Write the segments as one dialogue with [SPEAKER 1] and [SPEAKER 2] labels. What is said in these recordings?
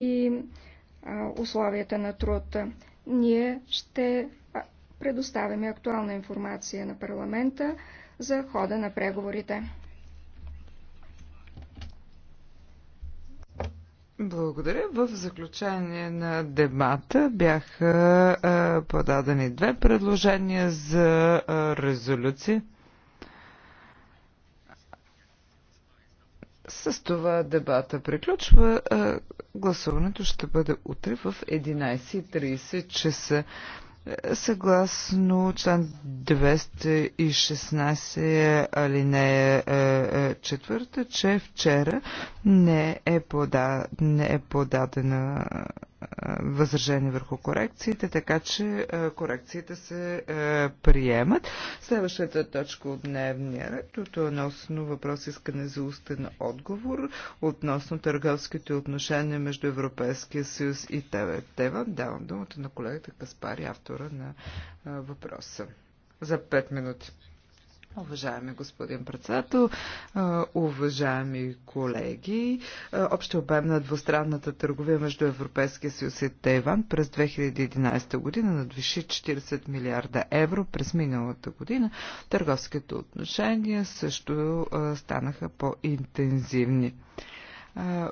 [SPEAKER 1] и условията на труд. Ние ще предоставяме актуална информация на парламента за хода на преговорите.
[SPEAKER 2] Благодаря. В заключение на дебата бяха подадени две предложения за резолюция. С това дебата приключва. Гласуването ще бъде утре в 11.30 часа. Съгласно член 216 алинея 4, че вчера не е, пода, не е подадена възражение върху корекциите, така че корекциите се приемат. Следващата точка от дневния ред е относно въпрос искане за устен отговор относно търговските отношения между Европейския съюз и ТВ. Давам думата на колегата Каспари, автора на въпроса. За 5 минути. Уважаеми господин председател, уважаеми колеги, общия обем на двустранната търговия между Европейския съюз и Тайван през 2011 година надвиши 40 милиарда евро през миналата година. Търговските отношения също станаха по-интензивни.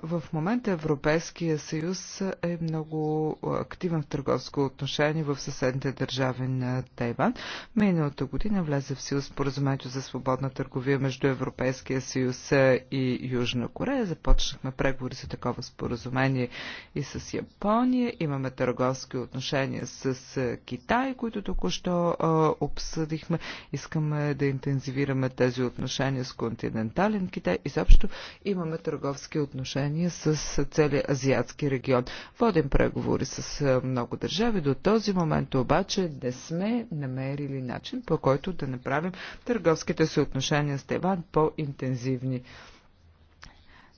[SPEAKER 2] В момента Европейския съюз е много активен в търговско отношение в съседните държави на Тайван. Миналата година влезе в сила споразумението за свободна търговия между Европейския съюз и Южна Корея. Започнахме преговори за такова споразумение и с Япония. Имаме търговски отношения с Китай, които току-що обсъдихме. Искаме да интензивираме тези отношения с континентален Китай. Изобщо имаме търговски отношения отношения с целия азиатски регион. Водим преговори с много държави. До този момент обаче не сме намерили начин, по който да направим търговските си отношения с Тайван по-интензивни.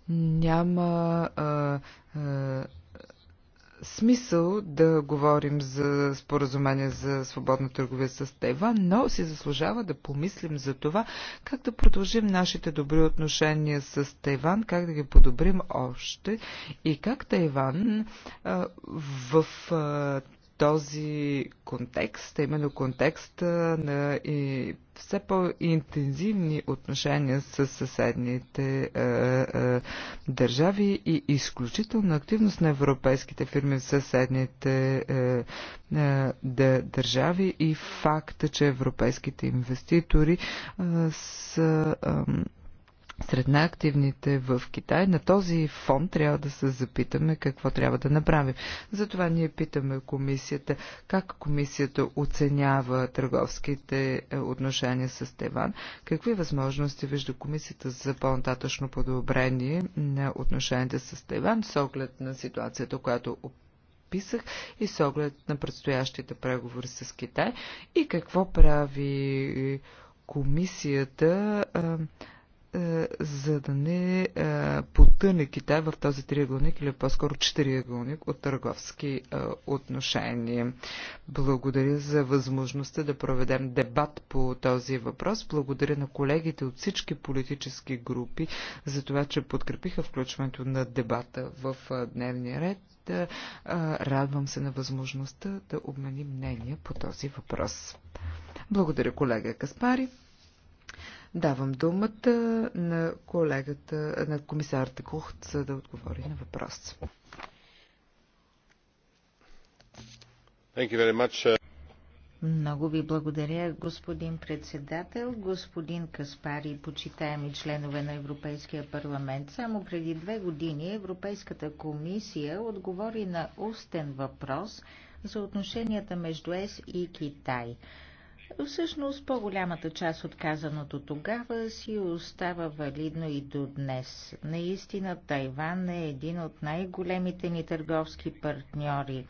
[SPEAKER 2] Няма а, а, смисъл да говорим за споразумение за свободна търговия с Тайван, но си заслужава да помислим за това как да продължим нашите добри отношения с Тайван, как да ги подобрим още и как Тайван в този контекст, именно контекста на и все по-интензивни отношения с съседните е, е, държави и изключителна активност на европейските фирми в съседните е, е, държави и факта, че европейските инвеститори е, са. Е, сред най-активните в Китай. На този фон трябва да се запитаме какво трябва да направим. Затова ние питаме комисията как комисията оценява търговските е, отношения с Тайван, какви възможности вижда комисията за по-нататъчно подобрение на отношенията с Тайван с оглед на ситуацията, която описах и с оглед на предстоящите преговори с Китай и какво прави е, комисията е, е, за да не е, потъне Китай в този триъгълник или по-скоро четириъгълник от търговски е, отношения. Благодаря за възможността да проведем дебат по този въпрос. Благодаря на колегите от всички политически групи за това, че подкрепиха включването на дебата в дневния ред. Радвам се на възможността да обменим мнение по този въпрос. Благодаря, колега Каспари. Давам думата на колегата, на комисарта Кухт, за да отговори на въпрос.
[SPEAKER 3] Uh,
[SPEAKER 2] Много
[SPEAKER 4] ви благодаря, господин председател, господин Каспари, почитаеми членове на Европейския парламент. Само преди две години Европейската комисия отговори на устен въпрос за отношенията между ЕС и Китай. Всъщност по-голямата част от казаното тогава си остава валидно и до днес. Наистина Тайван е един от най-големите ни търговски партньори.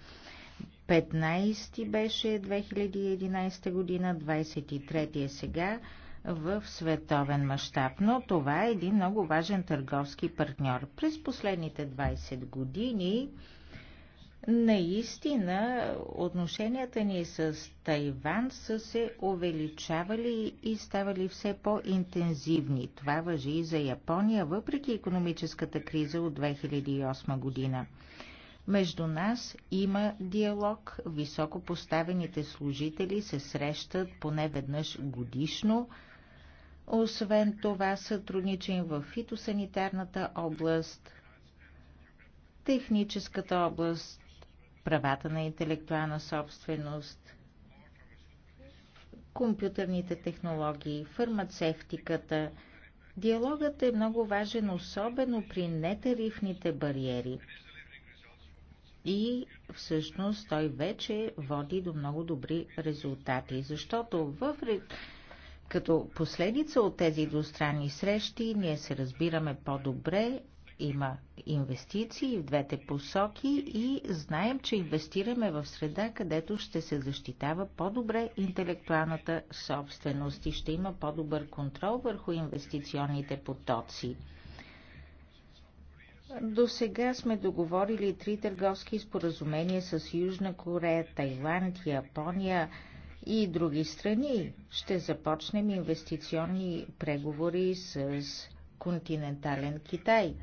[SPEAKER 4] 15 беше 2011 година, 23 е сега в световен мащаб, но това е един много важен търговски партньор. През последните 20 години Наистина, отношенията ни с Тайван са се увеличавали и ставали все по-интензивни. Това въжи и за Япония, въпреки економическата криза от 2008 година. Между нас има диалог, високо поставените служители се срещат поне веднъж годишно. Освен това сътрудничим в фитосанитарната област, техническата област, правата на интелектуална собственост, компютърните технологии, фармацевтиката. Диалогът е много важен, особено при нетарифните бариери. И всъщност той вече води до много добри резултати, защото в като последица от тези двустранни срещи ние се разбираме по-добре има инвестиции в двете посоки и знаем, че инвестираме в среда, където ще се защитава по-добре интелектуалната собственост и ще има по-добър контрол върху инвестиционните потоци. До сега сме договорили три търговски споразумения с Южна Корея, Тайланд, Япония и други страни. Ще започнем инвестиционни преговори с континентален Китай.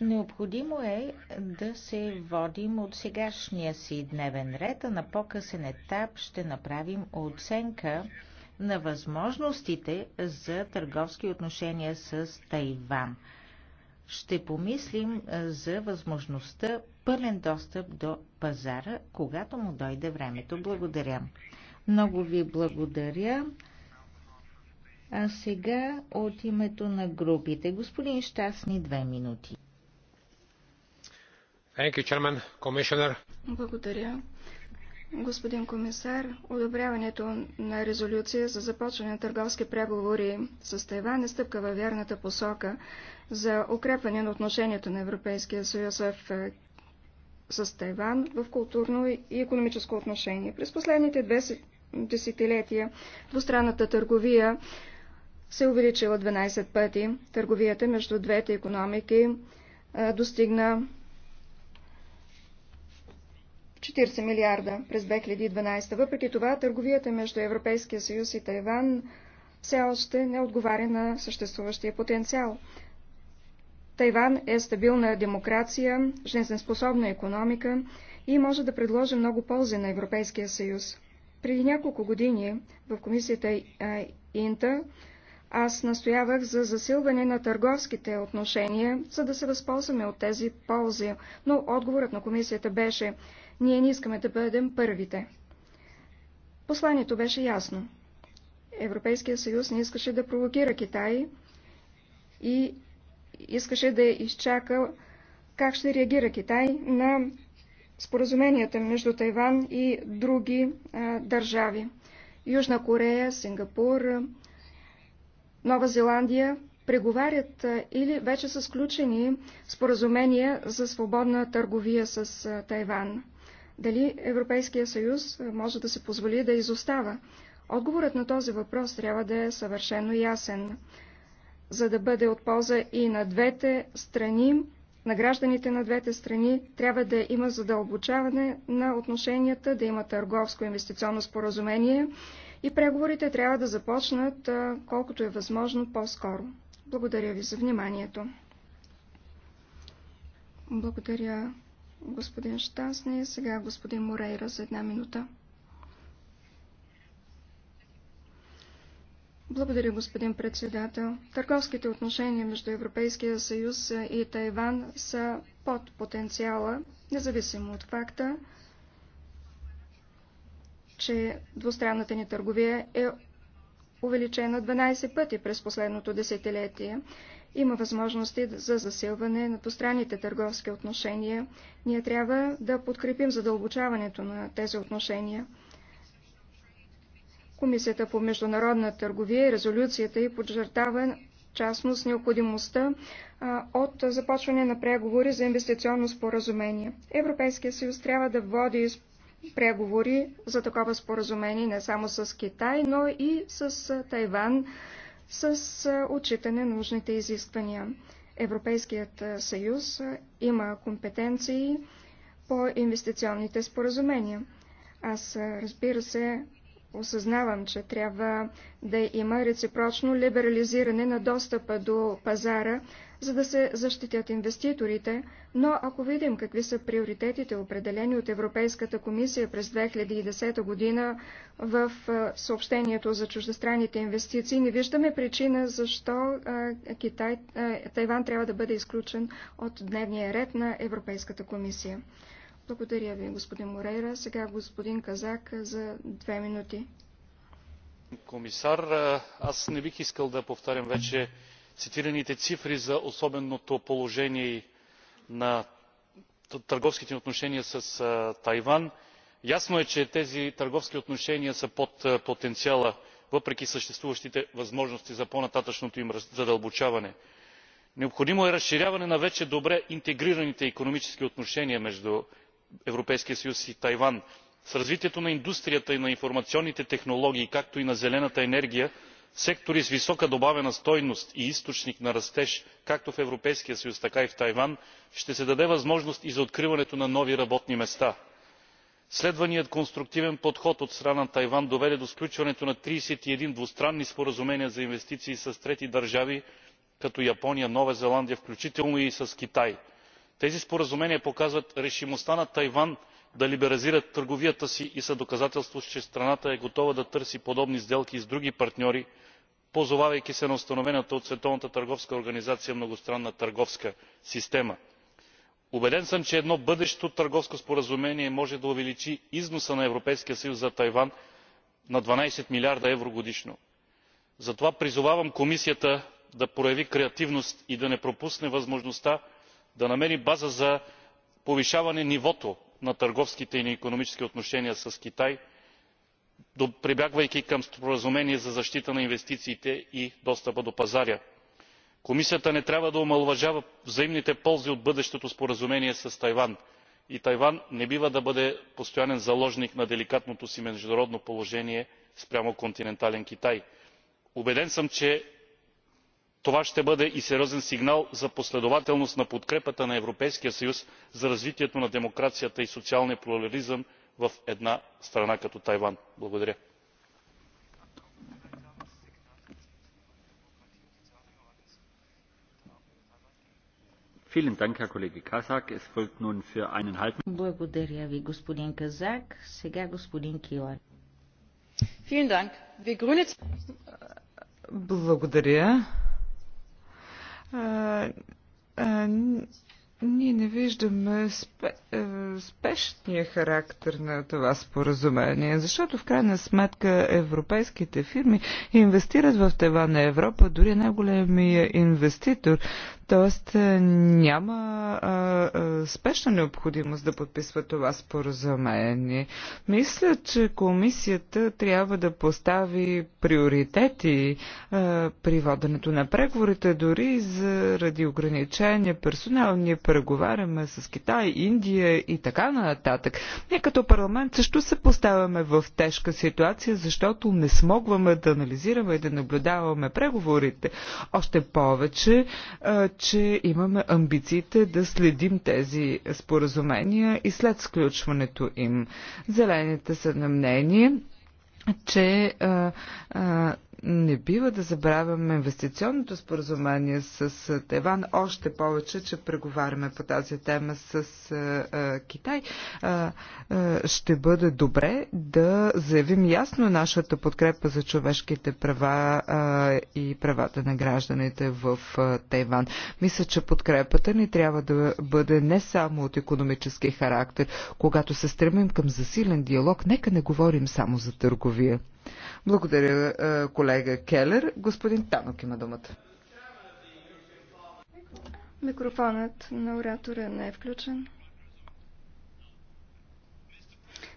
[SPEAKER 4] Необходимо е да се водим от сегашния си дневен ред, а на по-късен етап ще направим оценка на възможностите за търговски отношения с Тайван. Ще помислим за възможността пълен достъп до пазара, когато му дойде времето. Благодаря. Много ви благодаря. А сега от името на групите. Господин Щастни, две минути.
[SPEAKER 1] Благодаря. Господин комисар, одобряването на резолюция за започване на търговски преговори с Тайван е стъпка във вярната посока за укрепване на отношенията на Европейския съюз в е, с Тайван в културно и економическо отношение. През последните две десетилетия двустранната търговия се е увеличила 12 пъти. Търговията между двете економики е, достигна 40 милиарда през 2012. Въпреки това, търговията между Европейския съюз и Тайван все още не отговаря на съществуващия потенциал. Тайван е стабилна демокрация, жизнеспособна економика и може да предложи много ползи на Европейския съюз. Преди няколко години в комисията Инта аз настоявах за засилване на търговските отношения, за да се възползваме от тези ползи, но отговорът на комисията беше – ние не искаме да бъдем първите. Посланието беше ясно. Европейския съюз не искаше да провокира Китай и искаше да изчака как ще реагира Китай на споразуменията между Тайван и други а, държави. Южна Корея, Сингапур, Нова Зеландия преговарят а, или вече са сключени споразумения за свободна търговия с а, Тайван. Дали Европейския съюз може да се позволи да изостава? Отговорът на този въпрос трябва да е съвършено ясен. За да бъде от полза и на двете страни, на гражданите на двете страни трябва да има задълбочаване на отношенията, да има търговско инвестиционно споразумение и преговорите трябва да започнат колкото е възможно по-скоро. Благодаря ви за вниманието. Благодаря, господин Штасни, сега господин Морейра за една минута. Благодаря, господин председател. Търговските отношения между Европейския съюз и Тайван са под потенциала, независимо от факта, че двустранната ни търговия е увеличена 12 пъти през последното десетилетие. Има възможности за засилване на постранните търговски отношения. Ние трябва да подкрепим задълбочаването на тези отношения. Комисията по международна търговия и резолюцията и подчертава частност необходимостта от започване на преговори за инвестиционно споразумение. Европейския съюз трябва да води преговори за такова споразумение не само с Китай, но и с Тайван, с отчитане на нужните изисквания. Европейският съюз има компетенции по инвестиционните споразумения. Аз, разбира се, осъзнавам, че трябва да има реципрочно либерализиране на достъпа до пазара за да се защитят инвеститорите, но ако видим какви са приоритетите, определени от Европейската комисия през 2010 година в съобщението за чуждестранните инвестиции, не виждаме причина защо Китай, Тайван трябва да бъде изключен от дневния ред на Европейската комисия. Благодаря ви, господин Морейра. Сега господин Казак за две минути.
[SPEAKER 3] Комисар, аз не бих искал да повтарям вече цитираните цифри за особеното положение на търговските отношения с тайван ясно е че тези търговски отношения са под потенциала въпреки съществуващите възможности за по нататъшното им задълбочаване. необходимо е разширяване на вече добре интегрираните икономически отношения между европейския съюз и тайван. с развитието на индустрията и на информационните технологии както и на зелената енергия сектори с висока добавена стойност и източник на растеж както в европейския съюз така и в тайван ще се даде възможност и за откриването на нови работни места. следваният конструктивен подход от страна на тайван доведе до сключването на тридесет и един двустранни споразумения за инвестиции с трети държави като япония нова зеландия включително и с китай. тези споразумения показват решимостта на тайван да либерализират търговията си и са доказателство че страната е готова да търси подобни сделки с други партньори позовавайки се на установената от световната търговска организация многостранна търговска система. убеден съм че едно бъдещо търговско споразумение може да увеличи износа на европейския съюз за тайван на дванадесет милиарда евро годишно. затова призовавам комисията да прояви креативност и да не пропусне възможността да намери база за повишаване нивото на търговските ни икономически отношения с китай прибягвайки към споразумение за защита на инвестициите и достъпа до пазара. комисията не трябва да омаловажава взаимните ползи от бъдещото споразумение с тайван и тайван не бива да бъде постоянен заложник на деликатното си международно положение спрямо континентален китай. убеден съм че това ще бъде и сериозен сигнал за последователност на подкрепата на европейския съюз за развитието на демокрацията и социалния плурализъм в една страна като тайван. благодаря
[SPEAKER 2] ние не виждаме спе, е, спешния характер на това споразумение, защото в крайна сметка европейските фирми инвестират в това на Европа, дори най-големия инвеститор. Тоест е, няма а, а, спешна необходимост да подписва това споразумение. Мисля, че комисията трябва да постави приоритети а, е, при воденето на преговорите, дори заради ограничения персонал. Ние преговаряме с Китай, Индия и така нататък. Ние като парламент също се поставяме в тежка ситуация, защото не смогваме да анализираме и да наблюдаваме преговорите. Още повече, а, е, че имаме амбициите да следим тези споразумения и след сключването им. Зелените са на мнение, че а, а, не бива да забравяме инвестиционното споразумение с Тайван, още повече, че преговаряме по тази тема с а, а, Китай. А, а, ще бъде добре да заявим ясно нашата подкрепа за човешките права а, и правата на гражданите в а, Тайван. Мисля, че подкрепата ни трябва да бъде не само от економически характер. Когато се стремим към засилен диалог, нека не говорим само за търговия. Благодаря, а, колега Келер. Господин Танок има думата.
[SPEAKER 1] Микрофонът на оратора не е включен.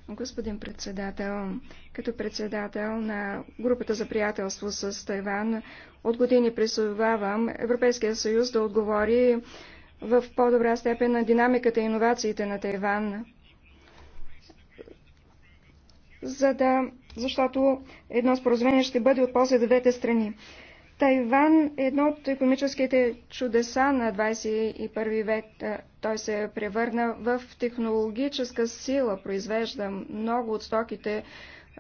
[SPEAKER 1] Господин председател, като председател на групата за приятелство с Тайван, от години призовавам Европейския съюз да отговори в по-добра степен на динамиката и иновациите на Тайван. За да, защото едно споразумение ще бъде от полза за двете страни. Тайван е едно от економическите чудеса на 21 век. Е, той се превърна в технологическа сила, произвежда много от стоките, е,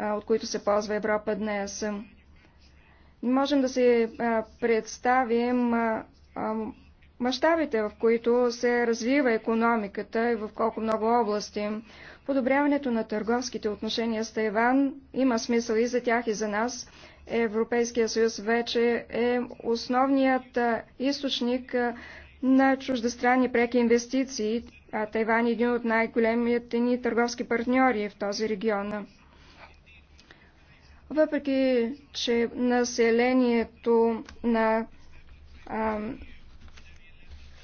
[SPEAKER 1] от които се ползва Европа днес. Можем да си е, представим мащабите, в които се развива економиката и в колко много области. Подобряването на търговските отношения с Тайван има смисъл и за тях, и за нас. Европейския съюз вече е основният източник на чуждестранни преки инвестиции. А Тайван е един от най-големите ни търговски партньори в този регион. Въпреки, че населението на а,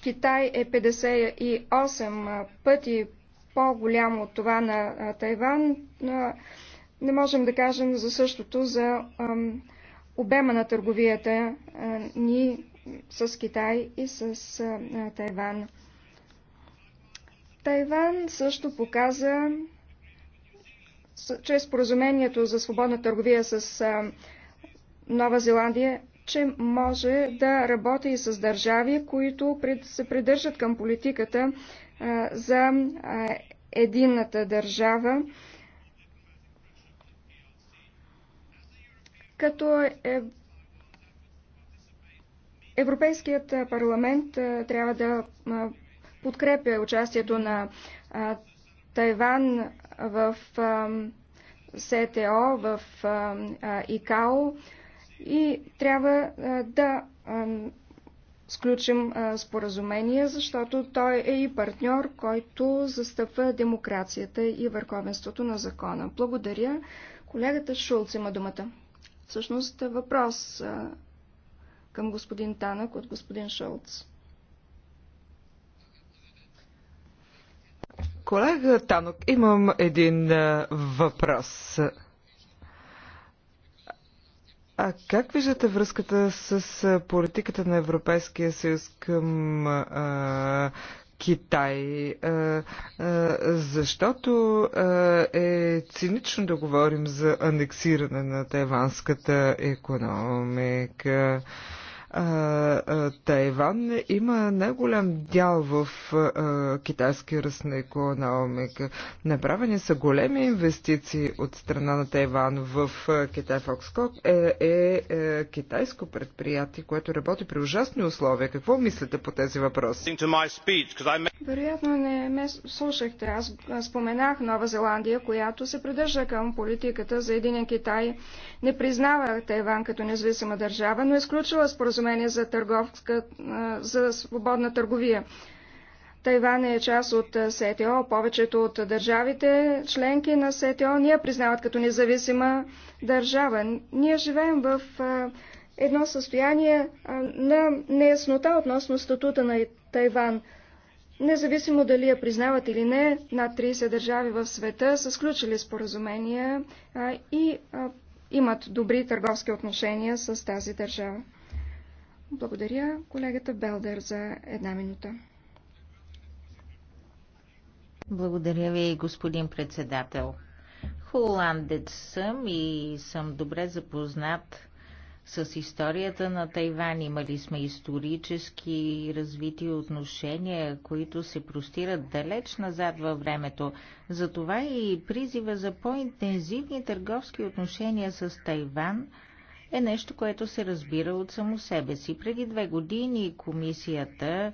[SPEAKER 1] Китай е 58 пъти по-голямо от това на Тайван, не можем да кажем за същото за ам, обема на търговията а, ни с Китай и с а, Тайван. Тайван също показа чрез поразумението за свободна търговия с а, Нова Зеландия, че може да работи и с държави, които пред, се придържат към политиката а, за а, единната държава като е... Европейският парламент е, трябва да е, подкрепя участието на е, Тайван в СТО, в ИКАО и трябва да сключим споразумение, защото той е и партньор, който застъпва демокрацията и върховенството на закона. Благодаря. Колегата Шулц има думата всъщност е въпрос към господин Танък от господин Шолц.
[SPEAKER 2] Колега Танок, имам един въпрос. А как виждате връзката с политиката на Европейския съюз към а, Китай, е, е, защото е, е цинично да говорим за анексиране на тайванската економика. Тайван има най-голям дял в китайския ръст на економика. Направени са големи инвестиции от страна на Тайван в Китай. Фокскок е, е, е китайско предприятие, което работи при ужасни условия. Какво мислите по тези въпроси?
[SPEAKER 1] Вероятно не ме слушахте. Аз споменах Нова Зеландия, която се придържа към политиката за Единен Китай. Не признава Тайван като независима държава, но е споразумение за, търговска, за свободна търговия. Тайван е част от СТО. Повечето от държавите, членки на СТО, ние признават като независима държава. Ние живеем в едно състояние на неяснота относно статута на Тайван. Независимо дали я признават или не, над 30 държави в света са сключили споразумения и имат добри търговски отношения с тази държава. Благодаря колегата Белдер за една минута.
[SPEAKER 4] Благодаря ви, господин председател. Холандец съм и съм добре запознат с историята на Тайван. Имали сме исторически развити отношения, които се простират далеч назад във времето. Затова и призива за по-интензивни търговски отношения с Тайван е нещо, което се разбира от само себе си. Преди две години комисията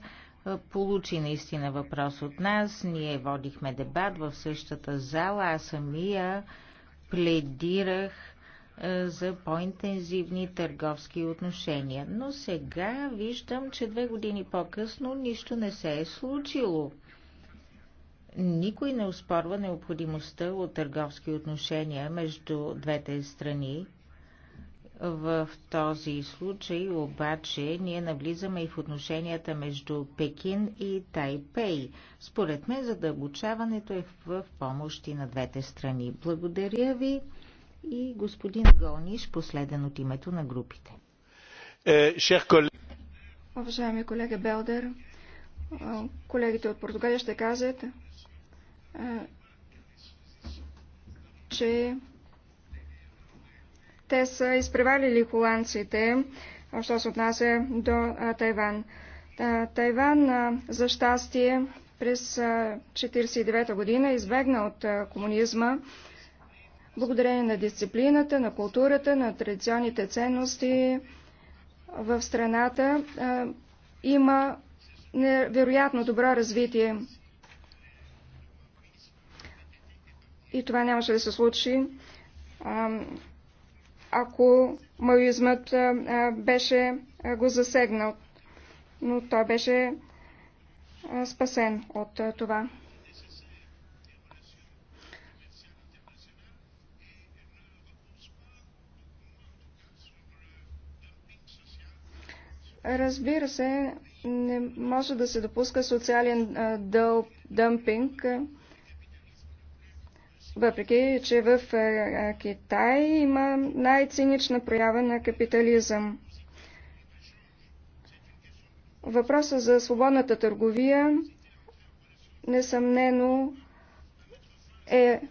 [SPEAKER 4] получи наистина въпрос от нас. Ние водихме дебат в същата зала. Аз самия пледирах е, за по-интензивни търговски отношения. Но сега виждам, че две години по-късно нищо не се е случило. Никой не успорва необходимостта от търговски отношения между двете страни. В този случай обаче ние навлизаме и в отношенията между Пекин и Тайпей. Според мен задълбочаването е в помощ и на двете страни. Благодаря ви и господин Гониш, последен от името на групите.
[SPEAKER 3] Е,
[SPEAKER 1] Уважаеми колега Белдер, колегите от Португалия ще кажат, че те са изпреварили холандците, що се отнася до Тайван. Тайван, за щастие, през 1949 година избегна от комунизма благодарение на дисциплината, на културата, на традиционните ценности в страната има невероятно добро развитие. И това нямаше да се случи, ако маоизмът беше го засегнал. Но той беше спасен от това. Разбира се, не може да се допуска социален дъл, дъмпинг, въпреки че в Китай има най-цинична проява на капитализъм. Въпросът за свободната търговия несъмнено е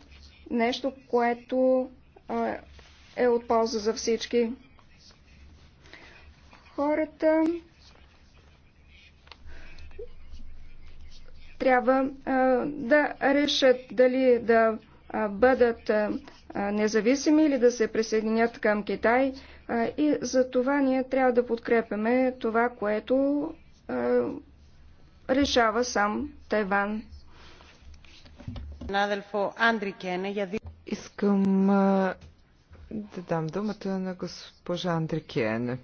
[SPEAKER 1] нещо, което е от полза за всички хората трябва да решат дали да бъдат независими или да се присъединят към Китай. И за това ние трябва да подкрепяме това, което решава сам Тайван.
[SPEAKER 2] Искам да дам думата на госпожа Андрикиене.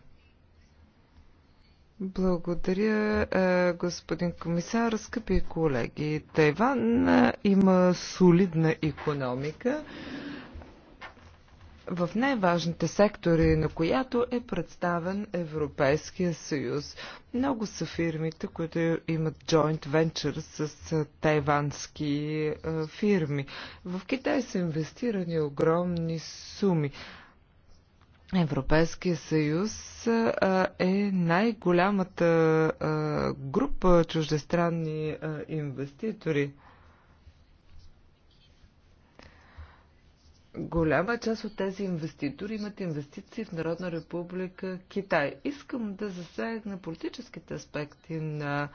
[SPEAKER 2] Благодаря, е, господин комисар. Скъпи колеги, Тайван е, има солидна економика, в най-важните сектори, на която е представен Европейския съюз. Много са фирмите, които имат joint venture с тайвански е, фирми. В Китай са инвестирани огромни суми. Европейския съюз е най-голямата група чуждестранни инвеститори. Голяма част от тези инвеститори имат инвестиции в Народна република Китай. Искам да засегна политическите аспекти на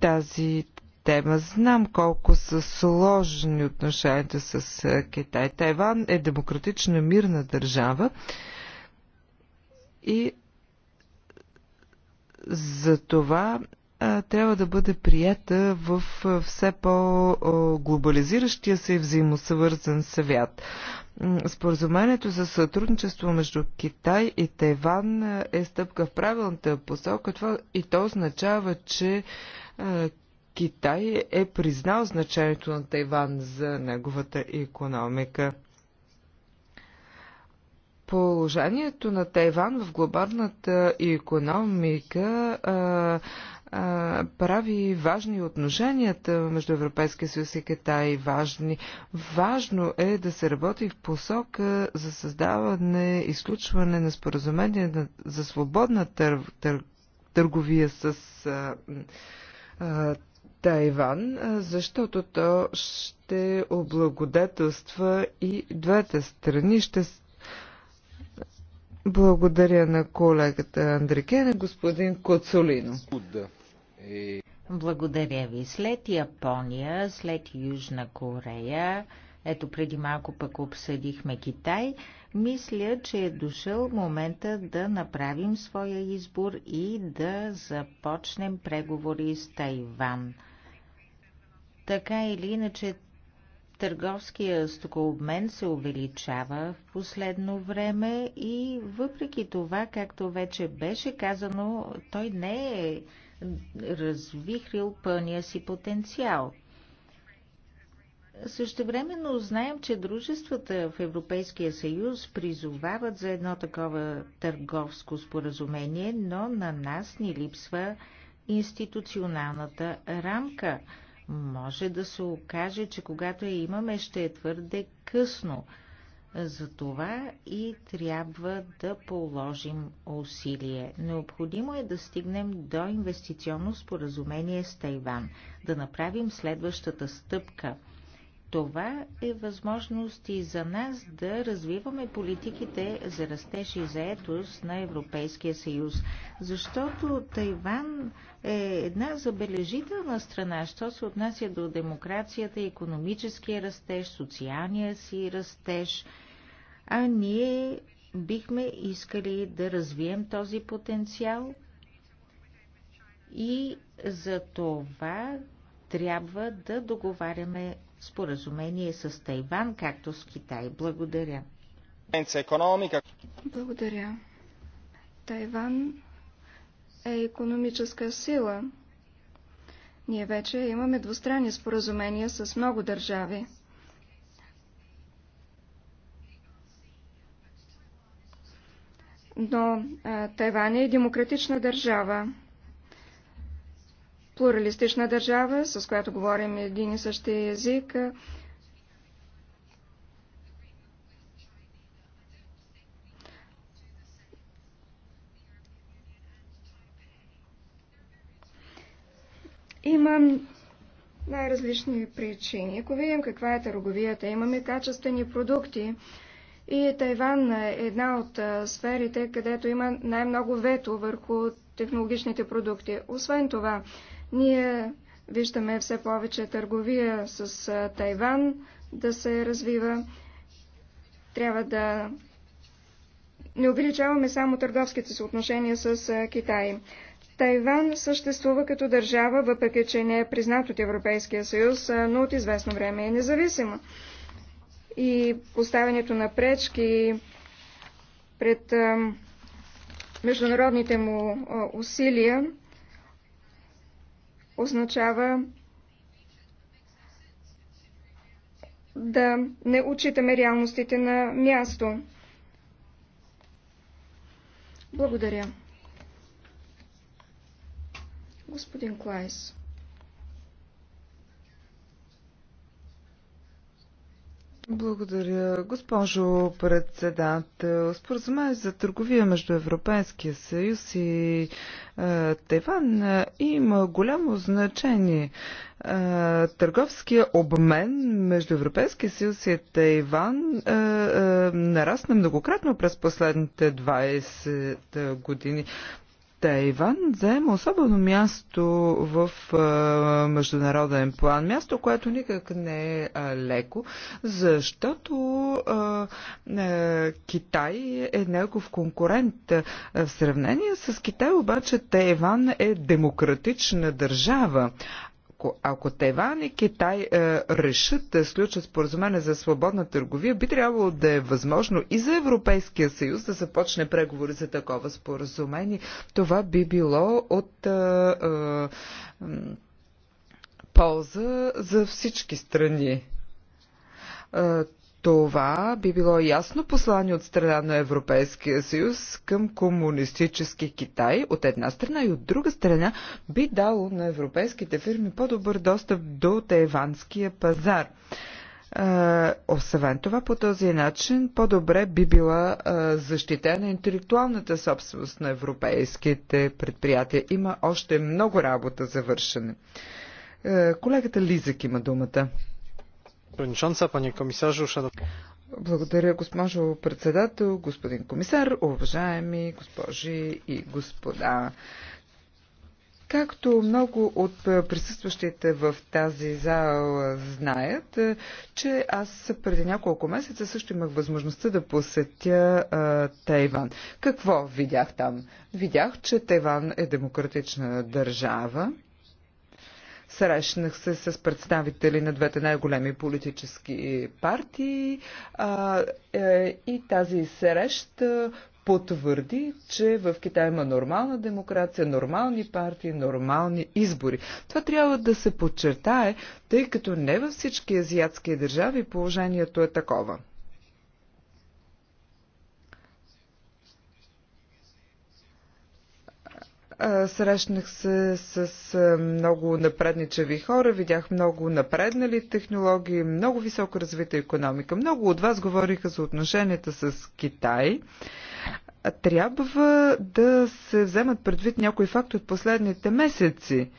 [SPEAKER 2] тази тема. Знам колко са сложни отношенията с е, Китай. Тайван е демократична мирна държава и за това е, трябва да бъде прията в е, все по-глобализиращия се и взаимосъвързан свят. Споразумението за сътрудничество между Китай и Тайван е стъпка в правилната посока това, и то означава, че Китай е признал значението на Тайван за неговата економика. Положението на Тайван в глобалната економика а, а, прави важни отношенията между Европейския съюз и Китай важни. Важно е да се работи в посока за създаване и изключване на споразумение за свободна тър, тър, търговия с а, Тайван, защото то ще облагодателства и двете страни. Ще благодаря на колегата Андрекена, господин Коцолино.
[SPEAKER 4] Благодаря ви. След Япония, след Южна Корея, ето преди малко пък обсъдихме Китай, мисля, че е дошъл момента да направим своя избор и да започнем преговори с Тайван – така или иначе, търговския стокообмен се увеличава в последно време и въпреки това, както вече беше казано, той не е развихрил пълния си потенциал. Същевременно знаем, че дружествата в Европейския съюз призовават за едно такова търговско споразумение, но на нас ни липсва институционалната рамка – може да се окаже, че когато я имаме, ще е твърде късно. Затова и трябва да положим усилие. Необходимо е да стигнем до инвестиционно споразумение с Тайван, да направим следващата стъпка – това е възможност и за нас да развиваме политиките за растеж и заетост на Европейския съюз, защото Тайван е една забележителна страна, що се отнася до демокрацията, економическия растеж, социалния си растеж, а ние бихме искали да развием този потенциал и за това трябва да договаряме споразумение с Тайван, както с Китай. Благодаря.
[SPEAKER 1] Благодаря. Тайван е економическа сила. Ние вече имаме двустранни споразумения с много държави. Но а, Тайван е демократична държава плуралистична държава, с която говорим един и същи език. Имам най-различни причини. Ако видим каква е търговията, имаме качествени продукти. И Тайван е една от сферите, където има най-много вето върху технологичните продукти. Освен това, ние виждаме все повече търговия с Тайван да се развива. Трябва да не увеличаваме само търговските си отношения с Китай. Тайван съществува като държава, въпреки че не е признат от Европейския съюз, но от известно време е независима. И поставянето на пречки пред международните му усилия означава да не отчитаме реалностите на място. Благодаря. Господин Клайс.
[SPEAKER 2] Благодаря, госпожо председател. Споразумение за търговия между Европейския съюз и е, Тайван е, има голямо значение. Е, търговския обмен между Европейския съюз и Тайван е, е, нарасна многократно през последните 20 години. Тайван заема особено място в а, международен план. Място, което никак не е а, леко, защото а, а, Китай е негов конкурент. А, в сравнение с Китай обаче Тайван е демократична държава ако, ако Тайван и Китай е, решат да сключат споразумение за свободна търговия, би трябвало да е възможно и за Европейския съюз да започне преговори за такова споразумение. Това би било от е, е, полза за всички страни е, това би било ясно послание от страна на Европейския съюз към комунистически Китай от една страна и от друга страна би дало на европейските фирми по-добър достъп до тайванския пазар. Освен това, по този начин по-добре би била защитена интелектуалната собственост на европейските предприятия. Има още много работа за вършене. Колегата Лизък има думата. Благодаря, госпожо председател, господин комисар, уважаеми госпожи и господа. Както много от присъстващите в тази зала знаят, че аз преди няколко месеца също имах възможността да посетя а, Тайван. Какво видях там? Видях, че Тайван е демократична държава Срещнах се с представители на двете най-големи политически партии а, е, и тази среща потвърди, че в Китай има нормална демокрация, нормални партии, нормални избори. Това трябва да се подчертае, тъй като не във всички азиатски държави положението е такова. Е, срещнах се с е, много напредничави хора, видях много напреднали технологии, много високо развита економика. Много от вас говориха за отношенията с Китай. Трябва да се вземат предвид някой факти от последните месеци.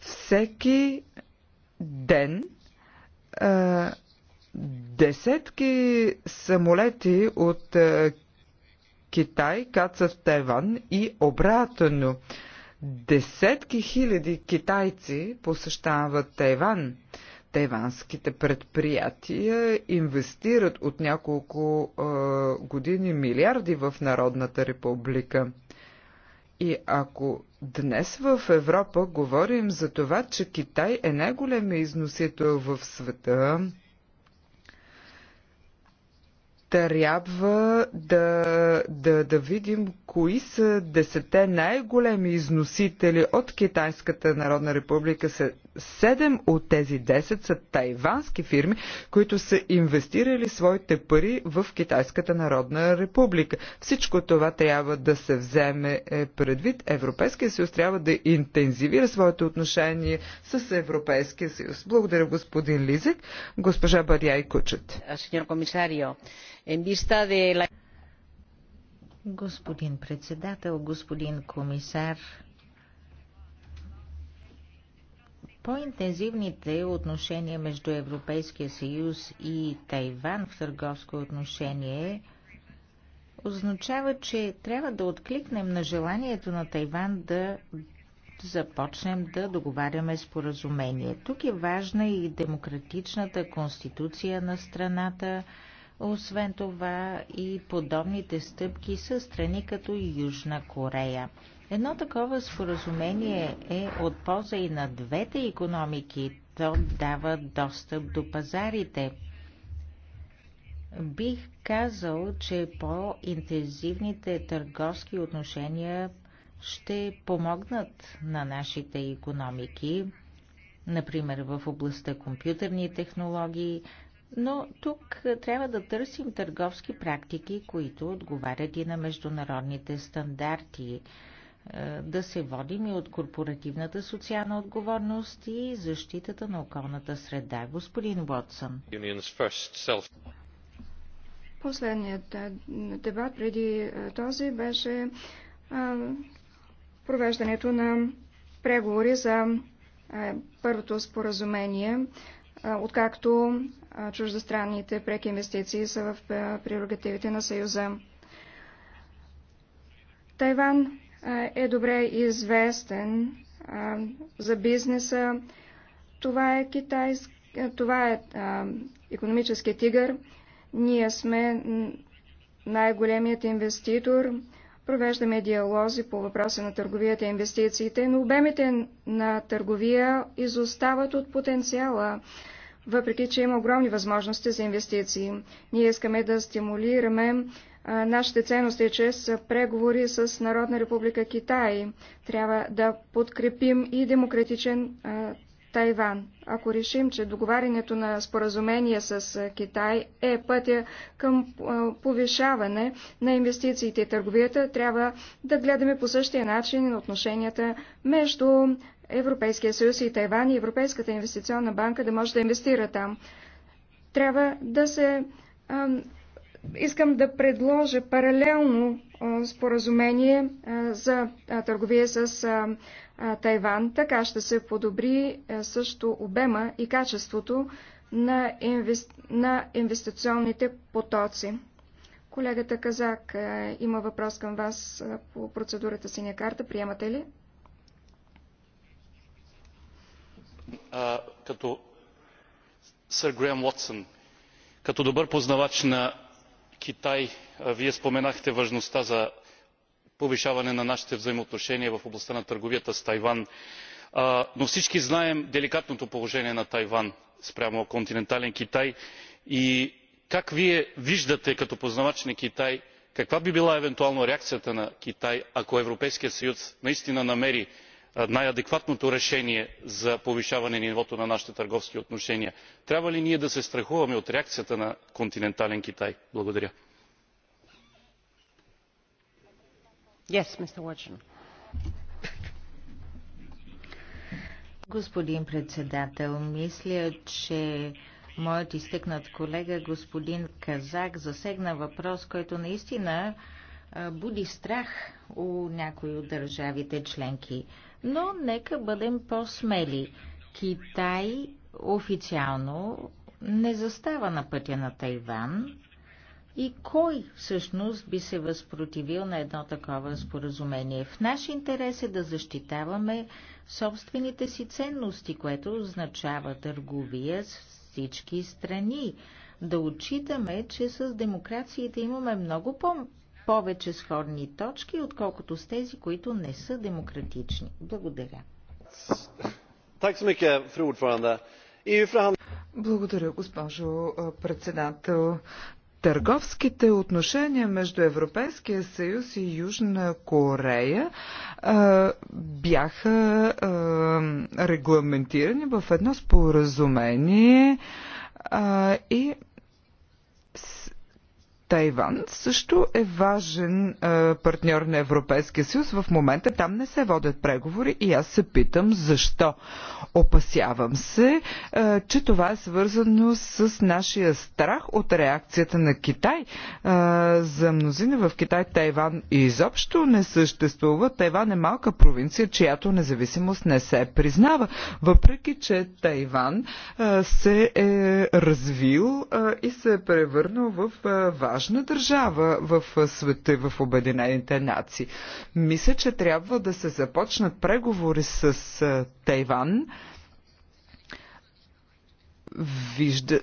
[SPEAKER 2] Всеки ден е, десетки самолети от Китай, каца в Тайван и обратно. Десетки хиляди китайци посещават Тайван. Тайванските предприятия инвестират от няколко е, години милиарди в Народната република. И ако днес в Европа говорим за това, че Китай е най-големият износител в света, трябва да, да, да видим кои са десете най-големи износители от Китайската народна република Седем от тези 10 са тайвански фирми, които са инвестирали своите пари в Китайската народна република. Всичко това трябва да се вземе е, предвид. Европейския съюз трябва да интензивира своето отношение с Европейския съюз. Благодаря господин Лизек, госпожа Баряй Кучет. Е господин председател,
[SPEAKER 4] господин комисар, По-интензивните отношения между Европейския съюз и Тайван в търговско отношение означава, че трябва да откликнем на желанието на Тайван да започнем да договаряме споразумение. Тук е важна и демократичната конституция на страната, освен това и подобните стъпки са страни като Южна Корея. Едно такова споразумение е от полза и на двете економики. То дава достъп до пазарите. Бих казал, че по-интензивните търговски отношения ще помогнат на нашите економики, например в областта компютърни технологии, но тук трябва да търсим търговски практики, които отговарят и на международните стандарти. Е, да се водим и от корпоративната социална отговорност и защитата на околната среда. Господин Уотсън.
[SPEAKER 1] Последният е, дебат преди е, този беше провеждането на преговори за първото споразумение, откакто чуждестранните преки инвестиции са в прерогативите на Съюза. Тайван е добре известен за бизнеса. Това е китайски, това е економически тигър. Ние сме най-големият инвеститор. Провеждаме диалози по въпроса на търговията и инвестициите, но обемите на търговия изостават от потенциала, въпреки че има огромни възможности за инвестиции. Ние искаме да стимулираме нашите ценности чрез преговори с Народна република Китай. Трябва да подкрепим и демократичен Тайван. Ако решим, че договарянето на споразумение с Китай е пътя към повишаване на инвестициите и търговията, трябва да гледаме по същия начин на отношенията между Европейския съюз и Тайван и Европейската инвестиционна банка да може да инвестира там. Трябва да се Искам да предложа паралелно споразумение за търговия с Тайван. Така ще се подобри също обема и качеството на, инвести... на инвестиционните потоци. Колегата Казак има въпрос към вас по процедурата синя карта. Приемате ли?
[SPEAKER 3] А, като сър Грем Уотсън, като добър познавач на китай вие споменахте важността за повишаване на нашите взаимоотношения в областта на търговията с тайван но всички знаем деликатното положение на тайван спрямо континентален китай и как вие виждате като познавач на китай каква би била евентуално реакцията на китай ако европейският съюз наистина намери най адекватното решение за повишаване нивото на нашите търговски отношения трябва ли ние да се страхуваме от реакцията на континентален китай? благодаря.
[SPEAKER 4] господин председател мисля че моят изтъкнат колега господин казак засегна въпрос който наистина буди страх у някои от държавите членки. Но нека бъдем по-смели. Китай официално не застава на пътя на Тайван. И кой всъщност би се възпротивил на едно такова споразумение? В наш интерес е да защитаваме собствените си ценности, което означава търговия с всички страни. Да отчитаме, че с демокрациите имаме много по повече сходни точки, отколкото с тези, които не са демократични.
[SPEAKER 2] Благодаря. Благодаря, госпожо председател. Търговските отношения между Европейския съюз и Южна Корея а, бяха а, регламентирани в едно споразумение а, и Тайван също е важен е, партньор на Европейския съюз. В момента там не се водят преговори и аз се питам защо. Опасявам се, е, че това е свързано с нашия страх от реакцията на Китай. Е, за мнозина в Китай Тайван изобщо не съществува. Тайван е малка провинция, чиято независимост не се признава, въпреки че Тайван се е развил и се е превърнал в важен важна държава в света, в Обединените нации. Мисля, че трябва да се започнат преговори с Тайван. Вижда,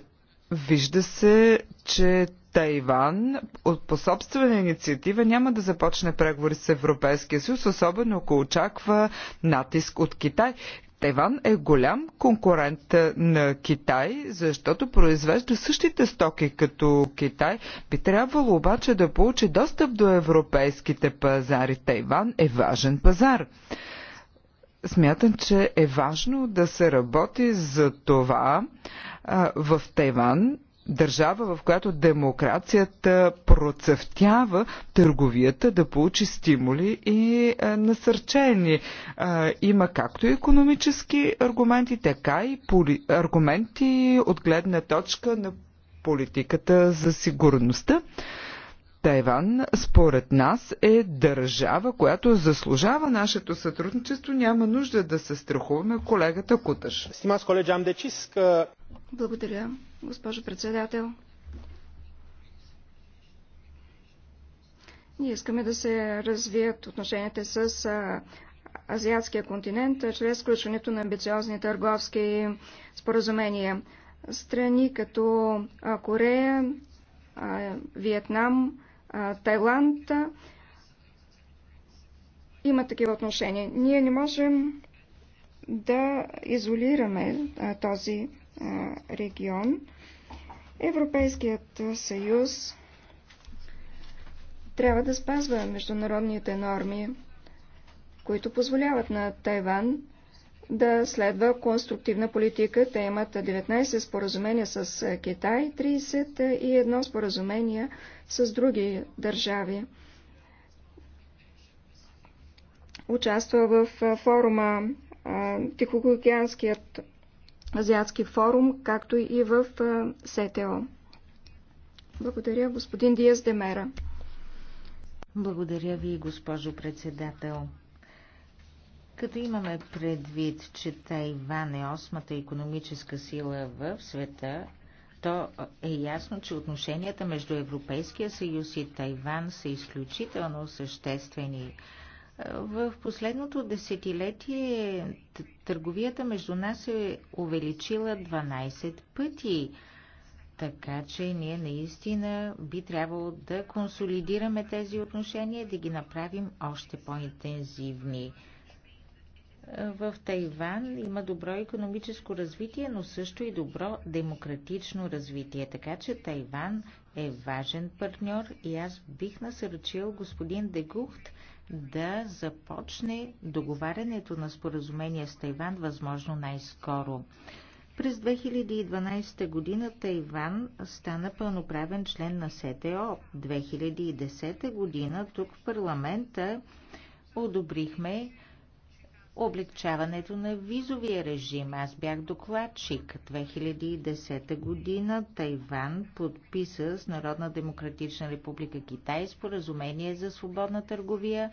[SPEAKER 2] вижда се, че Тайван от по собствена инициатива няма да започне преговори с Европейския съюз, особено ако очаква натиск от Китай. Тайван е голям конкурент е, на Китай, защото произвежда същите стоки като Китай. Би трябвало обаче да получи достъп до европейските пазари. Тайван е важен пазар. Смятам, че е важно да се работи за това а, в Тайван държава, в която демокрацията процъфтява, търговията да получи стимули и е, насърчение. Има както и економически аргументи, така и поли... аргументи от гледна точка на политиката за сигурността. Тайван, според нас, е държава, която заслужава нашето сътрудничество. Няма нужда да се страхуваме колегата Куташ.
[SPEAKER 1] Благодаря, госпожо председател. Ние искаме да се развият отношенията с азиатския континент чрез включването на амбициозни търговски споразумения. Страни като Корея, Виетнам, Тайланд има такива отношения. Ние не можем да изолираме този регион. Европейският съюз трябва да спазва международните норми, които позволяват на Тайван да следва конструктивна политика. Те имат 19 споразумения с е, Китай, 30 и едно споразумение с други държави. Участва в е, форума е, Тихоокеанският азиатски форум, както и в СТО. Благодаря, господин Диас Демера.
[SPEAKER 4] Благодаря ви, госпожо председател. Като имаме предвид, че Тайван е осмата економическа сила в света, то е ясно, че отношенията между Европейския съюз и Тайван са изключително съществени. В последното десетилетие търговията между нас е увеличила 12 пъти. Така че ние наистина би трябвало да консолидираме тези отношения, да ги направим още по-интензивни в Тайван има добро економическо развитие, но също и добро демократично развитие. Така че Тайван е важен партньор и аз бих насърчил господин Дегухт да започне договарянето на споразумение с Тайван възможно най-скоро. През 2012 година Тайван стана пълноправен член на СТО. 2010 година тук в парламента одобрихме облегчаването на визовия режим. Аз бях докладчик. 2010 година Тайван подписа с Народна демократична република Китай споразумение за свободна търговия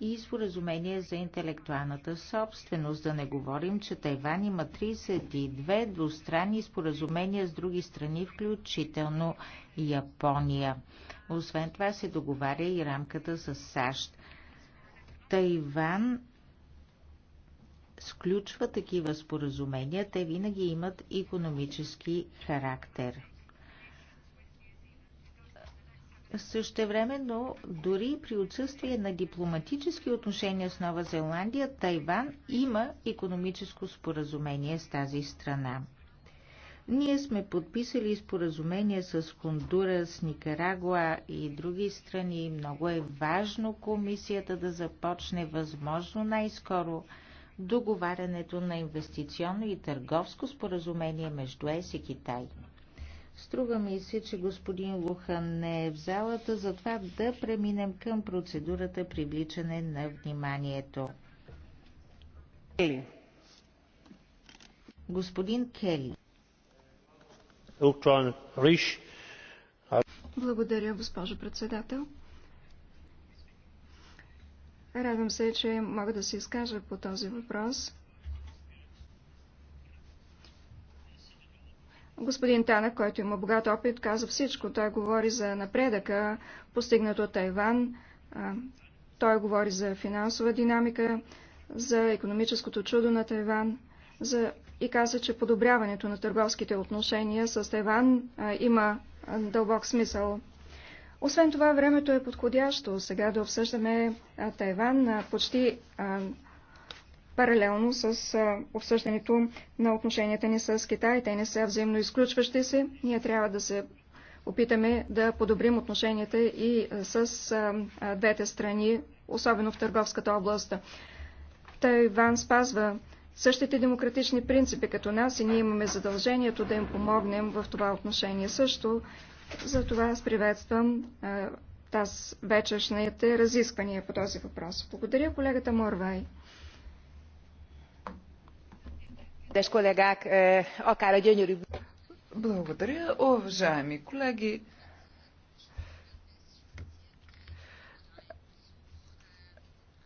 [SPEAKER 4] и споразумение за интелектуалната собственост. Да не говорим, че Тайван има 32 двустранни споразумения с други страни, включително Япония. Освен това се договаря и рамката с САЩ. Тайван сключва такива споразумения, те винаги имат економически характер. Същевременно, дори при отсъствие на дипломатически отношения с Нова Зеландия, Тайван има економическо споразумение с тази страна. Ние сме подписали споразумение с Хондурас, Никарагуа и други страни. Много е важно комисията да започне възможно най-скоро договарянето на инвестиционно и търговско споразумение между ЕС и Китай. Струва ми се, че господин Лухан не е в залата, затова да преминем към процедурата привличане на вниманието.
[SPEAKER 3] Кели. Господин Кели.
[SPEAKER 1] Благодаря, госпожо председател. Радвам се, че мога да се изкажа по този въпрос. Господин Танък, който има богат опит, каза всичко. Той говори за напредъка, постигнато от Тайван. Той говори за финансова динамика, за економическото чудо на Тайван за... и каза, че подобряването на търговските отношения с Тайван има дълбок смисъл. Освен това, времето е подходящо сега да обсъждаме Тайван почти паралелно с обсъждането на отношенията ни с Китай. Те не са взаимно изключващи се. Ние трябва да се опитаме да подобрим отношенията и с двете страни, особено в търговската област. Тайван спазва същите демократични принципи като нас и ние имаме задължението да им помогнем в това отношение. Също затова аз приветствам тази вечершните разисквания по този въпрос. Благодаря колегата Морвай. Е, е
[SPEAKER 2] Благодаря, уважаеми колеги.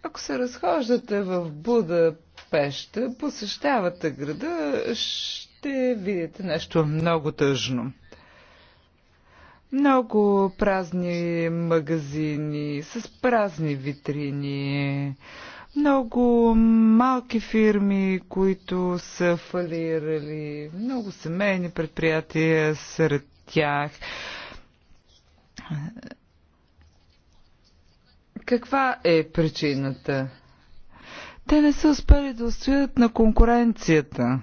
[SPEAKER 2] Ако се разхождате в Буда пеща, посещавате града, ще видите нещо много тъжно. Много празни магазини с празни витрини много малки фирми, които са фалирали, много семейни предприятия сред тях. Каква е причината? Те не са успели да устоят на конкуренцията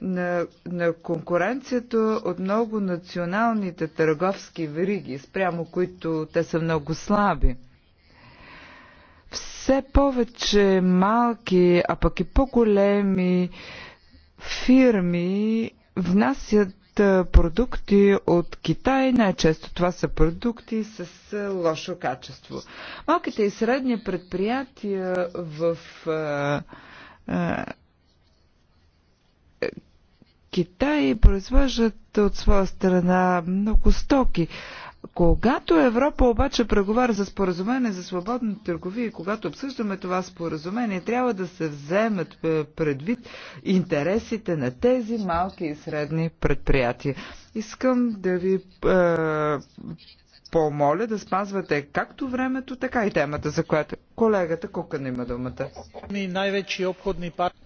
[SPEAKER 2] на, на конкуренцията от много националните търговски вериги, спрямо които те са много слаби. Все повече малки, а пък и по-големи фирми внасят продукти от Китай. Най-често това са продукти с лошо качество. Малките и средни предприятия в Китай произвеждат от своя страна много стоки. Когато Европа обаче преговаря за споразумение за свободна търговия и когато обсъждаме това споразумение, трябва да се вземат е, предвид интересите на тези малки и средни предприятия. Искам да ви е, помоля да спазвате както времето, така и темата, за която колегата Кукан има думата.
[SPEAKER 4] Най-вече обходни партии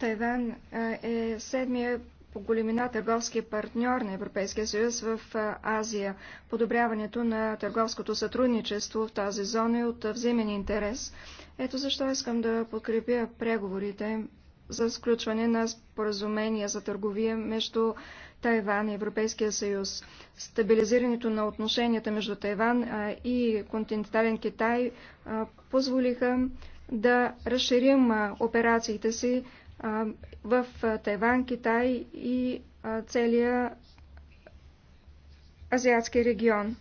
[SPEAKER 1] Тайван е седмия по големина търговски партньор на Европейския съюз в Азия. Подобряването на търговското сътрудничество в тази зона е от взаимен интерес. Ето защо искам да подкрепя преговорите за сключване на споразумения за търговия между Тайван и Европейския съюз. Стабилизирането на отношенията между Тайван и континентален Китай позволиха да разширим операциите си в Тайван, Китай и целия азиатски регион.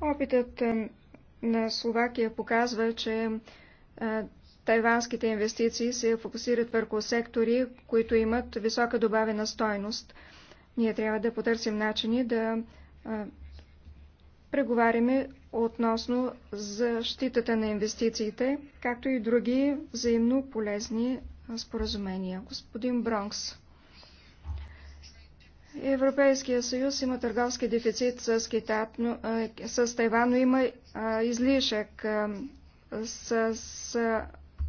[SPEAKER 1] Опитът на Словакия показва, че тайванските инвестиции се фокусират върху сектори, които имат висока добавена стойност. Ние трябва да потърсим начини да преговаряме относно защитата на инвестициите, както и други взаимно полезни споразумения. Господин Бронкс. Европейския съюз има търговски дефицит с, Китат, но, с Тайван, но има излишък с, с,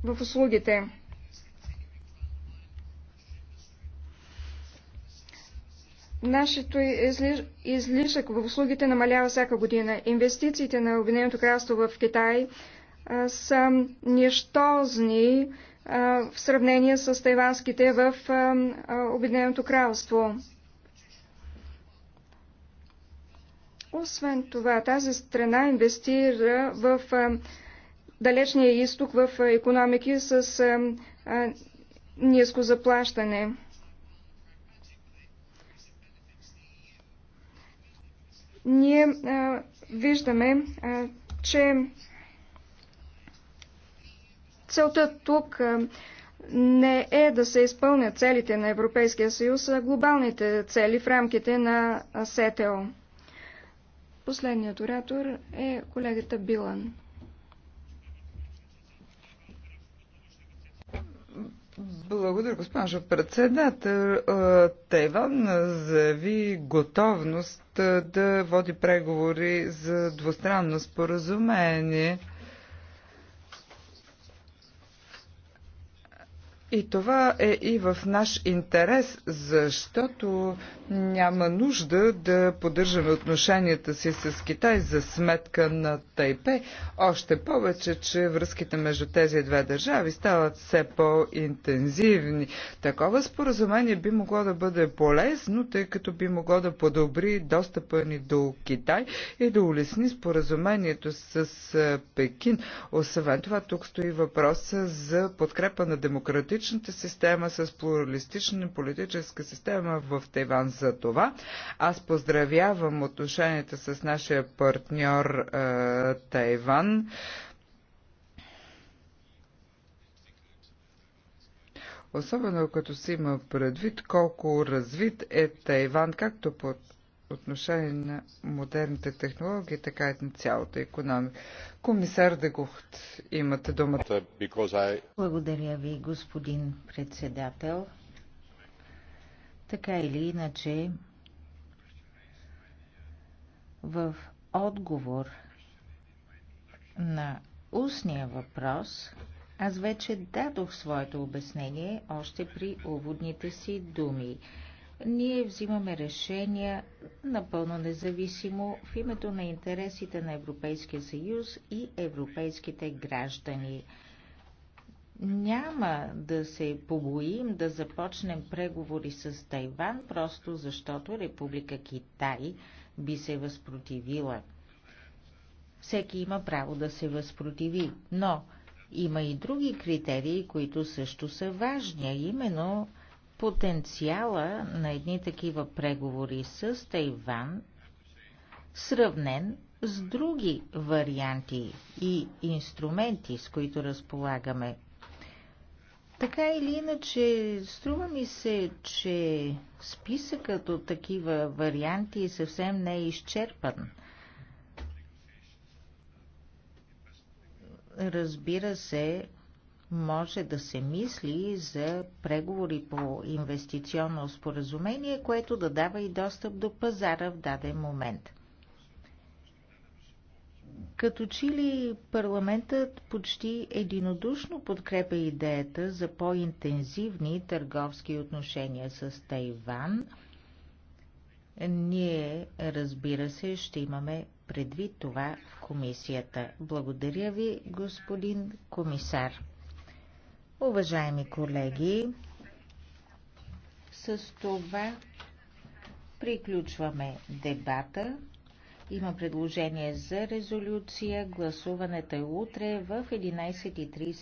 [SPEAKER 1] в услугите. Нашето излишък в услугите намалява всяка година. Инвестициите на Обединеното кралство в Китай са нищозни в сравнение с тайванските в Обединеното кралство. Освен това, тази страна инвестира в далечния изток в економики с ниско заплащане. ние а, виждаме, а, че целта тук а, не е да се изпълнят целите на Европейския съюз, а глобалните цели в рамките на СТО. Последният оратор е колегата Билан.
[SPEAKER 2] Благодаря, госпожо председател. Е, Тайван заяви готовност е, да води преговори за двустранно споразумение. И това е и в наш интерес, защото няма нужда да поддържаме отношенията си с Китай за сметка на Тайпе. Още повече, че връзките между тези две държави стават все по-интензивни. Такова споразумение би могло да бъде полезно, тъй като би могло да подобри достъпа ни до Китай и да улесни споразумението с Пекин. Освен това, тук стои въпроса за подкрепа на демократичната демократичната система с плуралистична политическа система в Тайван за това. Аз поздравявам отношенията с нашия партньор е, Тайван. Особено като си има предвид колко развит е Тайван, както под отношение на модерните технологии, така и на цялата економика. Комисар Дегухт, имате
[SPEAKER 3] думата. Е,
[SPEAKER 2] Благодаря ви, господин председател.
[SPEAKER 4] Така или иначе, в отговор на устния въпрос, аз вече дадох своето обяснение още при уводните си думи ние взимаме решения напълно независимо в името на интересите на Европейския съюз и европейските граждани. Няма да се побоим да започнем преговори с Тайван, просто защото Република Китай би се възпротивила. Всеки има право да се възпротиви, но има и други критерии, които също са важни, а именно потенциала на едни такива преговори с Тайван, сравнен с други варианти и инструменти, с които разполагаме. Така или иначе, струва ми се, че списъкът от такива варианти съвсем не е изчерпан. Разбира се, може да се мисли за преговори по инвестиционно споразумение, което да дава и достъп до пазара в даден момент. Като че ли парламентът почти единодушно подкрепя идеята за по-интензивни търговски отношения с Тайван, ние, разбира се, ще имаме предвид това в комисията. Благодаря ви, господин комисар. Уважаеми колеги, с това приключваме дебата. Има предложение за резолюция. Гласуването е утре в 11.30.